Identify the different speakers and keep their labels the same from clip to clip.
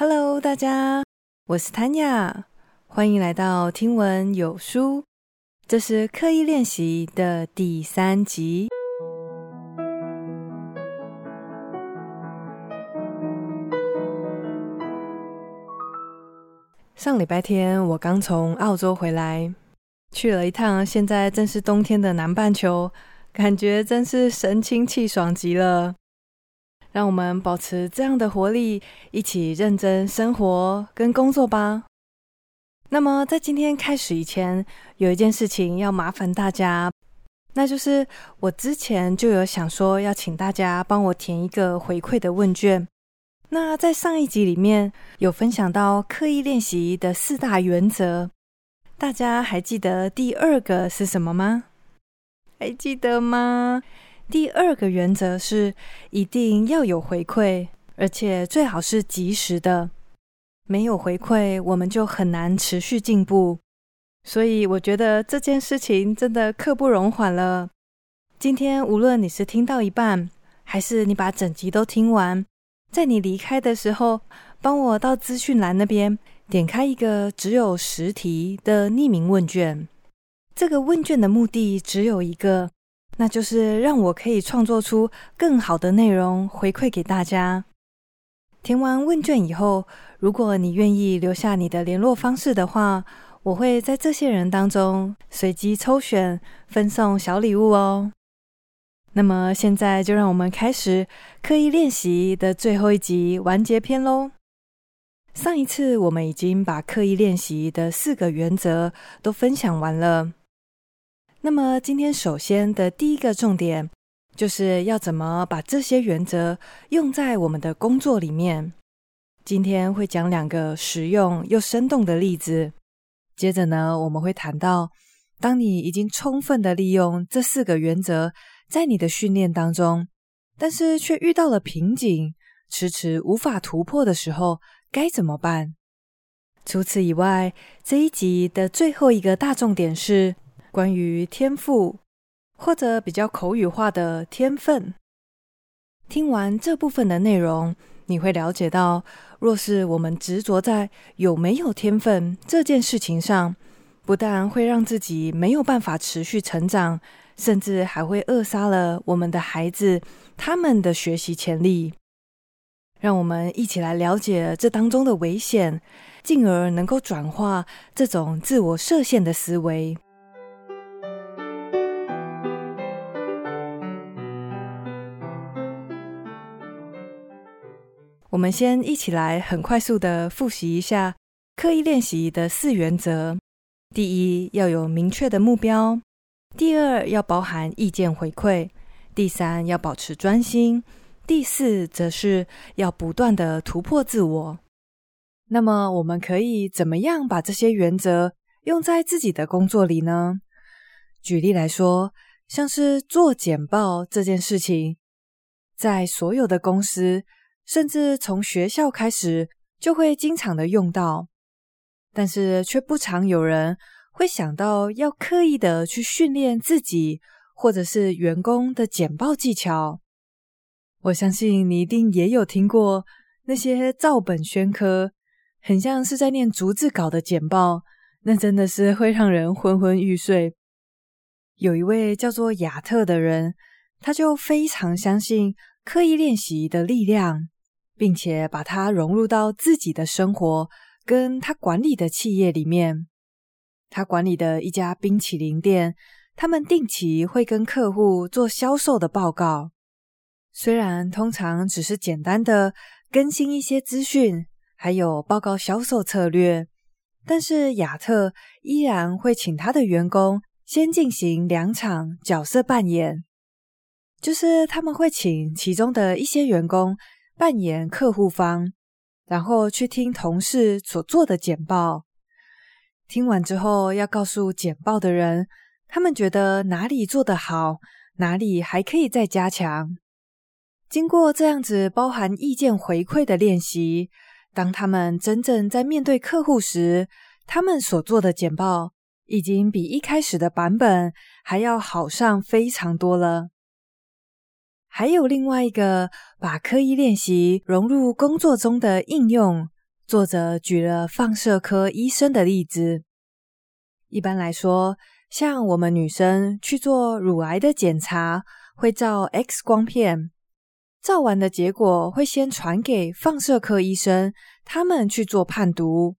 Speaker 1: Hello，大家，我是 Tanya，歡迎來到聽聞有書，這是刻意練習的第三集。上禮拜天我剛從澳洲回來，去了一趟現在正是冬天的南半球，感覺真是神清氣爽極了。讓我們保持這樣的活力，一起認真生活跟工作吧。那麼，在今天開始以前，有一件事情要麻煩大家，那就是我之前就有想說，要請大家幫我填一個回饋的問卷。那在上一集裡面有分享到刻意練習的四大原則，大家還記得第二個是什麼嗎？還記得嗎？第二個原則是一定要有回饋，而且最好是及時的。沒有回饋，我們就很難持續進步。所以，我覺得這件事情真的刻不容緩了。今天，無論你是聽到一半，還是你把整集都聽完，在你離開的時候，幫我到資訊欄那邊點開一個只有十題的匿名問卷。這個問卷的目的只有一個。那就是讓我可以創作出更好的內容回饋給大家。填完問卷以後，如果你願意留下你的聯絡方式的話，我會在這些人當中隨機抽選，分送小禮物哦。那麼現在就讓我們開始刻意練習的最後一集完結篇嘍。上一次我們已經把刻意練習的四個原則都分享完了。那麼今天首先的第一個重點就是要怎麼把這些原則用在我們的工作裡面。今天會講兩個實用又生動的例子。接着呢，我們會談到，當你已經充分的利用這四個原則在你的訓練當中，但是卻遇到了瓶頸，遲遲無法突破的時候，該怎麼辦？除此以外，這一集的最後一個大重點是。關於天賦，或者比較口語化的天分。聽完這部分的內容，你會了解到，若是我們執着在有沒有天分這件事情上，不但會讓自己沒有辦法持續成長，甚至還會扼殺了我們的孩子，他們的學習潛力。讓我們一起來了解這當中的危險，進而能夠轉化這種自我設限的思維。我們先一起來很快速的複習一下刻意練習的四原則：第一，要有明確的目標；第二，要包含意見回饋；第三，要保持專心；第四，則是要不斷的突破自我。那麼，我們可以怎麼樣把這些原則用在自己的工作裡呢？舉例來說，像是做簡報這件事情，在所有的公司。甚至從學校開始就會經常的用到，但是卻不常有人會想到要刻意的去訓練自己或者是員工的簡報技巧。我相信你一定也有聽過那些照本宣科、很像是在念逐字稿的簡報，那真的是會讓人昏昏欲睡。有一位叫做亞特的人，他就非常相信刻意練習的力量。並且把它融入到自己的生活，跟他管理的企業裡面。他管理的一家冰淇淋店，他們定期會跟客戶做銷售的報告，雖然通常只是簡單的更新一些資訊，還有報告銷售策略，但是亞特依然會請他的員工先進行兩場角色扮演，就是他們會請其中的一些員工。扮演客戶方，然後去聽同事所做的簡報。聽完之後，要告訴簡報的人，他們覺得哪裡做得好，哪裡還可以再加強。經過這樣子包含意見回饋的練習，當他們真正在面對客戶時，他們所做的簡報已經比一開始的版本還要好上非常多了。還有另外一個把刻意練習融入工作中的應用，作者舉了放射科醫生的例子。一般來說，像我們女生去做乳癌的檢查，會照 X 光片，照完的結果會先傳給放射科醫生，他們去做判讀。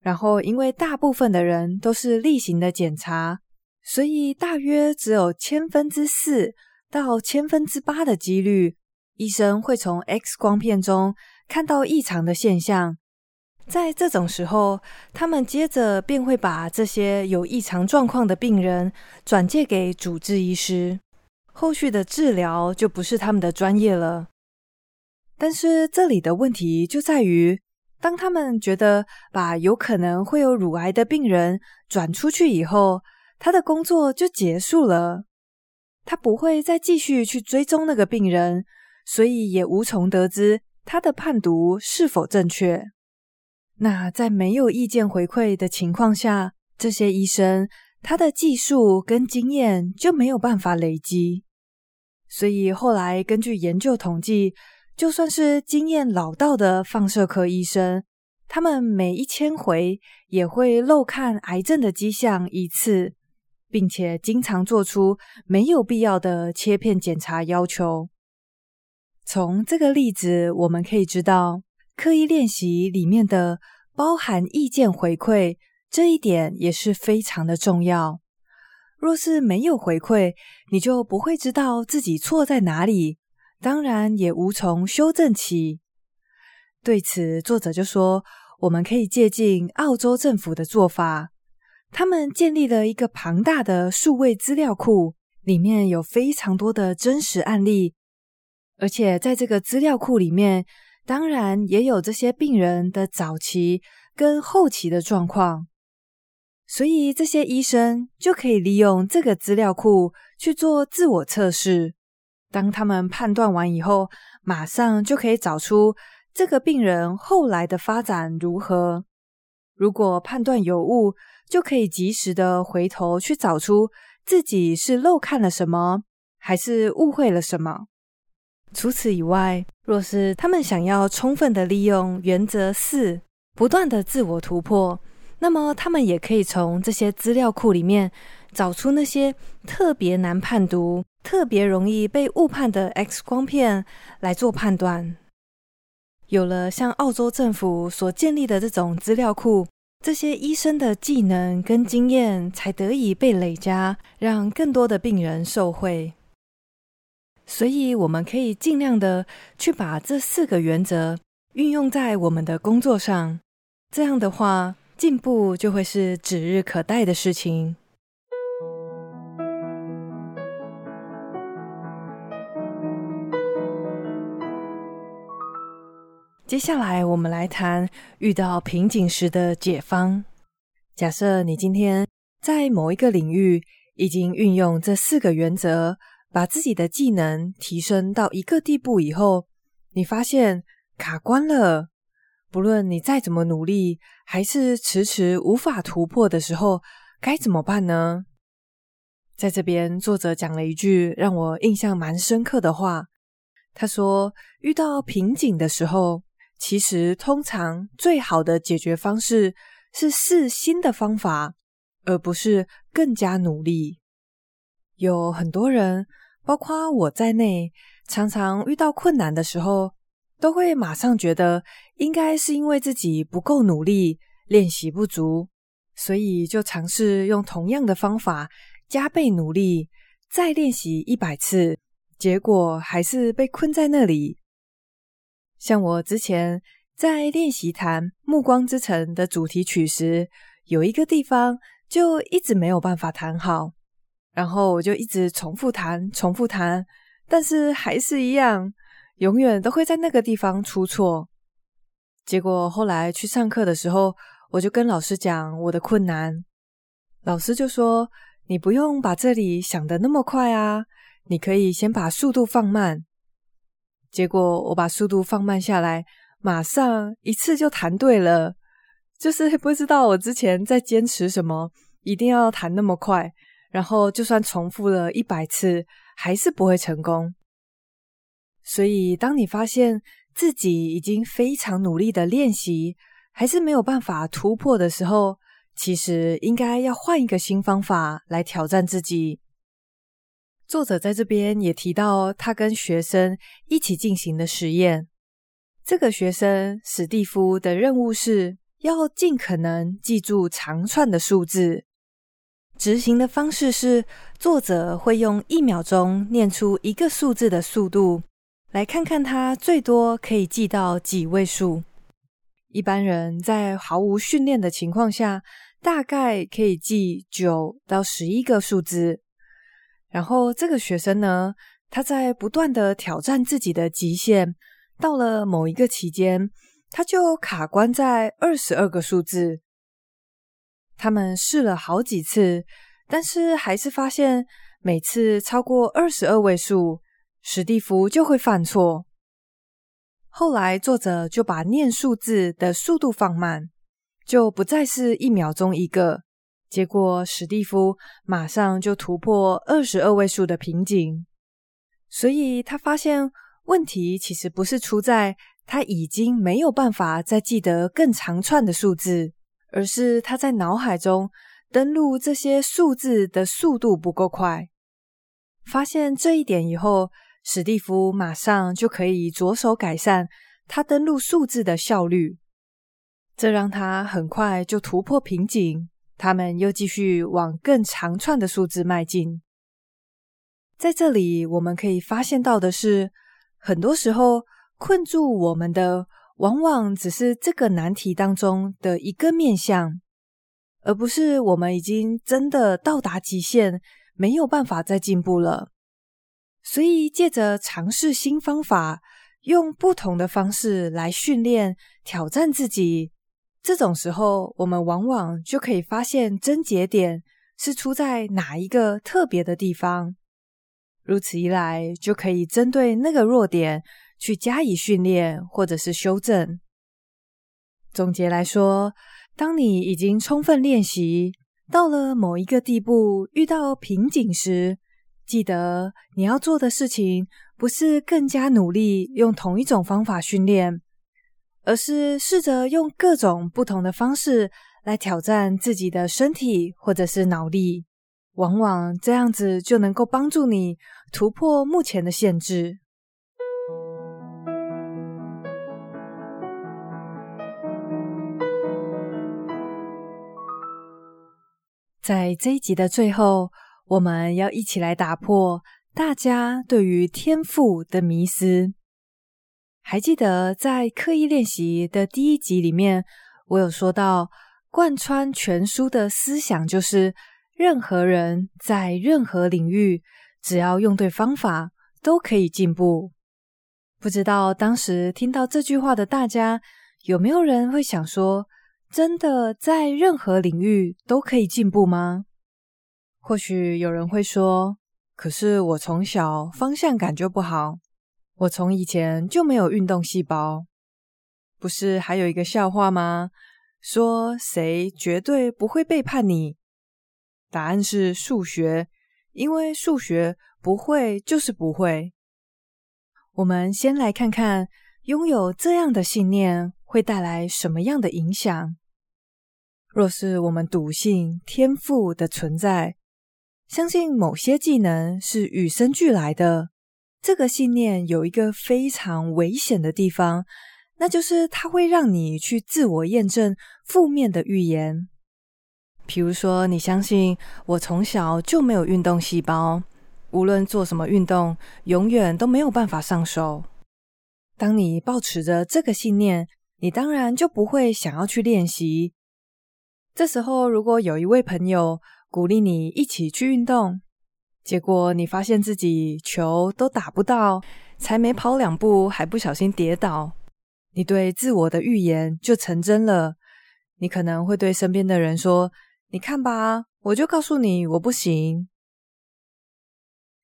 Speaker 1: 然後，因為大部分的人都是例行的檢查，所以大約只有千分之四。到千分之八的幾率，醫生會從 X 光片中看到異常的現象。在這種時候，他們接着便會把這些有異常狀況的病人轉介給主治醫師，後續的治療就不是他們的專業了。但是這裡的問題就在於，當他們覺得把有可能會有乳癌的病人轉出去以後，他的工作就結束了。他不會再繼續去追蹤那個病人，所以也無從得知他的判讀是否正確。那在沒有意見回饋的情況下，這些醫生他的技術跟經驗就沒有辦法累積。所以後來根據研究統計，就算是經驗老道的放射科醫生，他們每一千回也會漏看癌症的跡象一次。並且經常做出沒有必要的切片檢查要求。從這個例子，我們可以知道，刻意練習裡面的包含意見回饋這一點也是非常的重要。若是沒有回饋，你就不會知道自己錯在哪裡，當然也無從修正起。對此，作者就說，我們可以借鑑澳洲政府的做法。他們建立了一個龐大的數位資料庫，裡面有非常多的真實案例，而且在這個資料庫裡面，當然也有這些病人的早期跟後期的狀況，所以這些醫生就可以利用這個資料庫去做自我測試。當他們判斷完以後，馬上就可以找出這個病人後來的發展如何。如果判斷有誤，就可以及時的回頭去找出自己是漏看了什麼，還是誤會了什麼。除此以外，若是他們想要充分的利用原則四，不斷的自我突破，那麼他們也可以從這些資料庫裡面找出那些特別難判讀、特別容易被誤判的 X 光片來做判斷。有了像澳洲政府所建立的這種資料庫，這些醫生的技能跟經驗才得以被累加，讓更多的病人受惠。所以，我們可以盡量的去把這四個原則運用在我們的工作上，這樣的話，進步就會是指日可待的事情。接下來我們來談遇到瓶頸時的解方。假設你今天在某一個領域已經運用這四個原則，把自己的技能提升到一個地步以後，你發現卡關了，不論你再怎麼努力，還是遲遲無法突破的時候，該怎麼辦呢？在這邊，作者講了一句讓我印象蠻深刻的話，他說：“遇到瓶頸的時候，其實，通常最好的解決方式是試新的方法，而不是更加努力。有很多人，包括我在內，常常遇到困難的時候，都會馬上覺得應該是因為自己不夠努力、練習不足，所以就嘗試用同樣的方法加倍努力，再練習一百次，結果還是被困在那裡。像我之前在練習彈《暮光之城》的主題曲時，有一個地方就一直沒有辦法彈好，然後我就一直重複彈、重複彈，但是還是一樣，永遠都會在那個地方出錯。結果後來去上課的時候，我就跟老師講我的困難，老師就說：“你不用把這裡想得那麼快啊，你可以先把速度放慢。”結果我把速度放慢下來，馬上一次就彈對了。就是不知道我之前在堅持什麼，一定要彈那麼快，然後就算重複了一百次，還是不會成功。所以，當你發現自己已經非常努力的練習，還是沒有辦法突破的時候，其實應該要換一個新方法來挑戰自己。作者在這邊也提到，他跟學生一起進行的實驗。這個學生史蒂夫的任務是要盡可能記住長串的數字。執行的方式是，作者會用一秒鐘念出一個數字的速度，來看看他最多可以記到幾位數。一般人在毫無訓練的情況下，大概可以記九到十一個數字。然後這個學生呢，他在不斷的挑戰自己的極限，到了某一個期間，他就卡關在二十二個數字。他們試了好幾次，但是還是發現每次超過二十二位數，史蒂夫就會犯錯。後來作者就把念數字的速度放慢，就不再是一秒鐘一個。結果，史蒂夫馬上就突破22位數的瓶頸。所以他發現問題其實不是出在他已經沒有辦法再記得更長串的數字，而是他在腦海中登錄這些數字的速度不夠快。發現這一點以後，史蒂夫馬上就可以着手改善他登錄數字的效率，這讓他很快就突破瓶頸。他們又繼續往更長串的數字邁進。在這裡，我們可以發現到的是，很多時候困住我們的，往往只是這個難題當中的一個面向，而不是我們已經真的到達極限，沒有辦法再進步了。所以，借着嘗試新方法，用不同的方式來訓練、挑戰自己。這種時候，我們往往就可以發現癥結點是出在哪一個特別的地方。如此一來，就可以針對那個弱點去加以訓練或者是修正。總結來說，當你已經充分練習到了某一個地步，遇到瓶頸時，記得你要做的事情不是更加努力用同一種方法訓練。而是試着用各種不同的方式來挑戰自己的身體或者是腦力，往往這樣子就能夠幫助你突破目前的限制。在這一集的最後，我們要一起來打破大家對於天賦的迷思。還記得在刻意練習的第一集裡面，我有說到貫穿全書的思想就是：任何人在任何領域，只要用對方法，都可以進步。不知道當時聽到這句話的大家，有沒有人會想說：真的在任何領域都可以進步嗎？或許有人會說：可是我從小方向感就不好。我從以前就沒有運動細胞，不是還有一個笑話嗎？說誰絕對不會背叛你？答案是數學，因為數學不會就是不會。我們先來看看擁有這樣的信念會帶來什麼樣的影響。若是我們篤信天賦的存在，相信某些技能是與生俱來的。這個信念有一個非常危險的地方，那就是它會讓你去自我驗證負面的預言。比如說，你相信我從小就沒有運動細胞，無論做什麼運動，永遠都沒有辦法上手。當你抱持著這個信念，你當然就不會想要去練習。這時候，如果有一位朋友鼓勵你一起去運動，結果你發現自己球都打不到，才沒跑兩步還不小心跌倒，你對自我的預言就成真了。你可能會對身邊的人說：“你看吧，我就告訴你我不行。”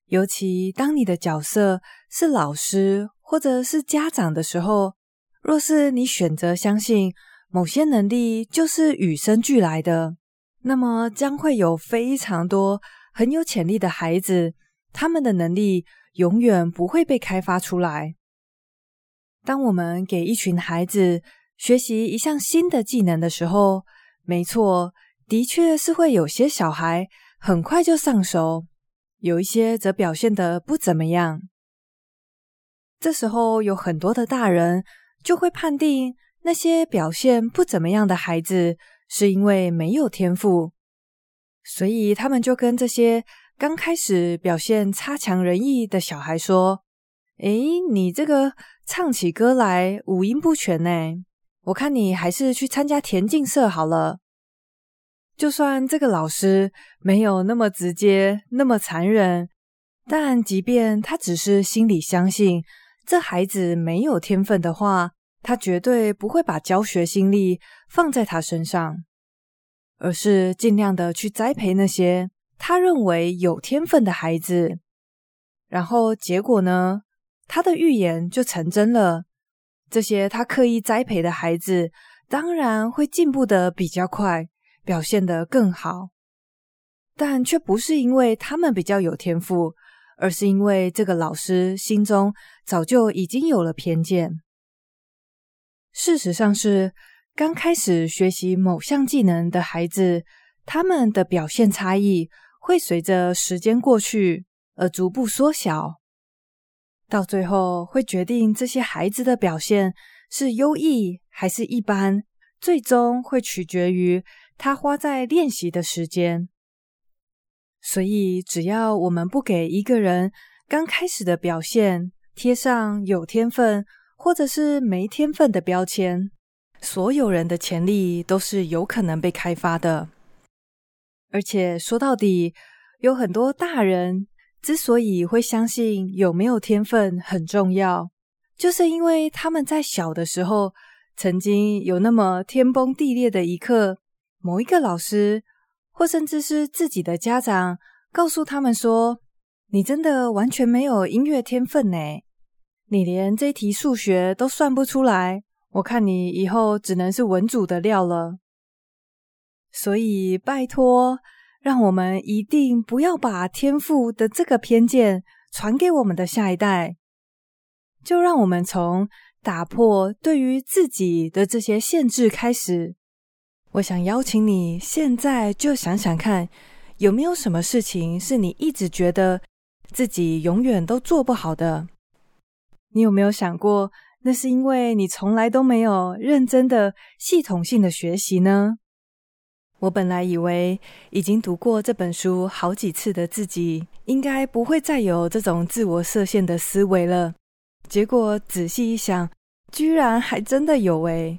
Speaker 1: 尤其當你的角色是老師或者是家長的時候，若是你選擇相信某些能力就是與生俱來的，那麼將會有非常多，很有潛力的孩子，他們的能力永遠不會被開發出來。當我們給一群孩子學習一項新的技能的時候，沒錯，的確是會有些小孩很快就上手，有一些則表現得不怎麼樣。這時候有很多的大人就會判定那些表現不怎麼樣的孩子是因為沒有天賦。所以，他們就跟這些剛開始表現差強人意的小孩說：“誒，你這個唱起歌來五音不全呢，我看你還是去參加田徑社好了。”就算這個老師沒有那麼直接、那麼殘忍，但即便他只是心裡相信這孩子沒有天分的話，他絕對不會把教學心力放在他身上。而是盡量的去栽培那些他認為有天分的孩子，然後結果呢，他的預言就成真了。這些他刻意栽培的孩子，當然會進步的比較快，表現得更好，但卻不是因為他們比較有天賦，而是因為這個老師心中早就已經有了偏見。事實上是。剛開始學習某項技能的孩子，他們的表現差異會隨着時間過去而逐步縮小，到最後會決定這些孩子的表現是優異還是一般，最終會取決於他花在練習的時間。所以，只要我們不給一個人剛開始的表現貼上有天分或者是沒天分的標籤。所有人的潛力都是有可能被開發的，而且說到底，有很多大人之所以會相信有沒有天分很重要，就是因為他們在小的時候曾經有那麼天崩地裂的一刻，某一個老師或甚至是自己的家長告訴他們說：“你真的完全沒有音樂天分呢，你連這一題數學都算不出來。”我看你以後只能是文主的料了，所以拜託，讓我們一定不要把天賦的這個偏見傳給我們的下一代。就讓我們從打破對於自己的這些限制開始。我想邀請你，現在就想想看，有沒有什麼事情是你一直覺得自己永遠都做不好的？你有沒有想過？那是因為你從來都沒有認真的、系統性的學習呢。我本來以為已經讀過這本書好幾次的自己，應該不會再有這種自我設限的思維了。結果仔細一想，居然還真的有哎。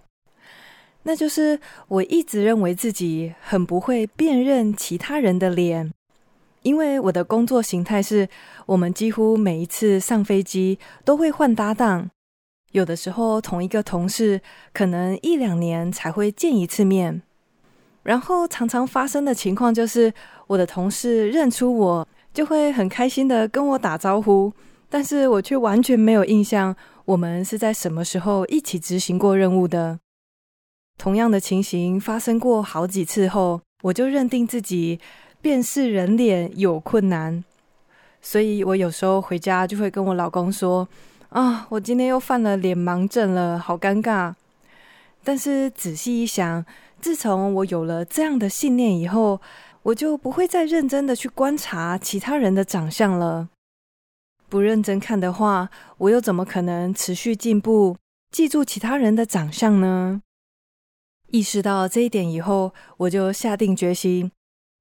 Speaker 1: 那就是我一直認為自己很不會辨認其他人的臉，因為我的工作形態是，我們幾乎每一次上飛機都會換搭檔。有的時候，同一個同事可能一兩年才會見一次面，然後常常發生的情況就是，我的同事認出我，就會很開心的跟我打招呼，但是我卻完全沒有印象，我們是在什麼時候一起執行過任務的。同樣的情形發生過好幾次後，我就認定自己辨識人臉有困難，所以我有時候回家就會跟我老公說。啊，我今天又犯了臉盲症了，好尷尬。但是仔細一想，自從我有了這樣的信念以後，我就不會再認真的去觀察其他人的長相了。不認真看的話，我又怎麼可能持續進步，記住其他人的長相呢？意識到這一點以後，我就下定決心，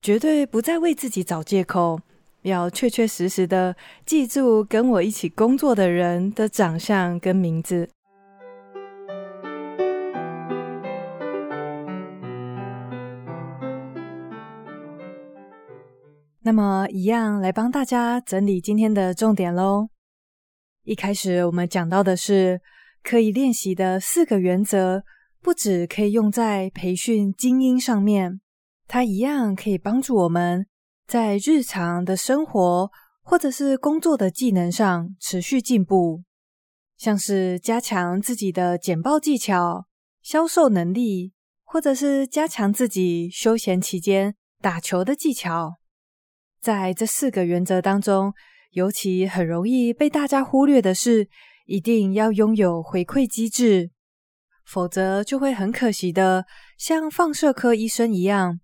Speaker 1: 絕對不再為自己找借口。要確確實實的記住跟我一起工作的人的長相跟名字。那麼，一樣來幫大家整理今天的重點嘍。一開始我們講到的是可以練習的四個原則，不止可以用在培訓精英上面，它一樣可以幫助我們。在日常的生活或者是工作的技能上持續進步，像是加強自己的簡報技巧、銷售能力，或者是加強自己休閒期間打球的技巧。在這四個原則當中，尤其很容易被大家忽略的是，一定要擁有回饋機制，否則就會很可惜的，像放射科醫生一樣。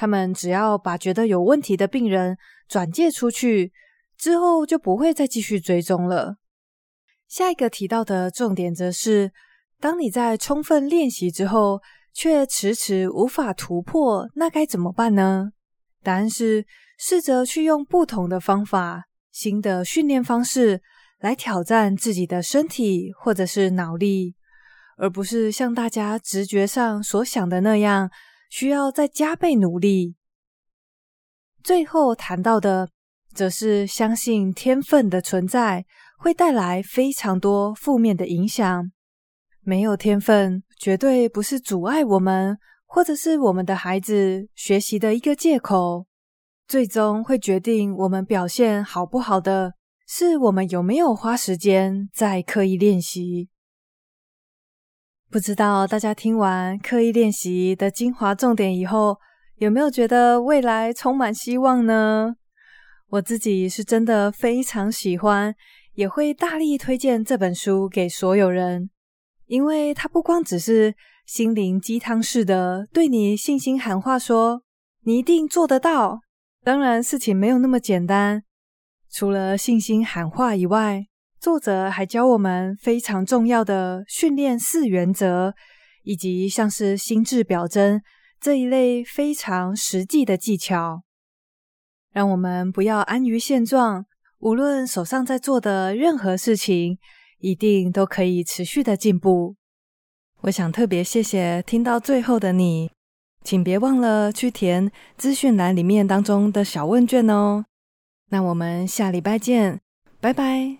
Speaker 1: 他們只要把覺得有問題的病人轉介出去之後，就不會再繼續追蹤了。下一個提到的重點則是：當你在充分練習之後，卻遲遲無法突破，那該怎麼辦呢？答案是：試着去用不同的方法、新的訓練方式來挑戰自己的身體或者是腦力，而不是像大家直覺上所想的那樣。需要再加倍努力。最後談到的，則是相信天分的存在會帶來非常多負面的影響。沒有天分，絕對不是阻礙我們或者是我們的孩子學習的一個借口。最終會決定我們表現好不好的，是我們有沒有花時間在刻意練習。不知道大家聽完刻意練習的精華重點以後，有沒有覺得未來充滿希望呢？我自己是真的非常喜歡，也會大力推薦這本書給所有人，因為它不光只是心靈雞湯式的對你信心喊話說，說你一定做得到。當然，事情沒有那麼簡單，除了信心喊話以外。作者還教我們非常重要的訓練四原則，以及像是心智表徵這一類非常實際的技巧，讓我們不要安於現狀。無論手上在做的任何事情，一定都可以持續的進步。我想特別謝謝聽到最後的你，請別忘了去填資訊欄裡面當中的小問卷哦。那我們下禮拜見，拜拜。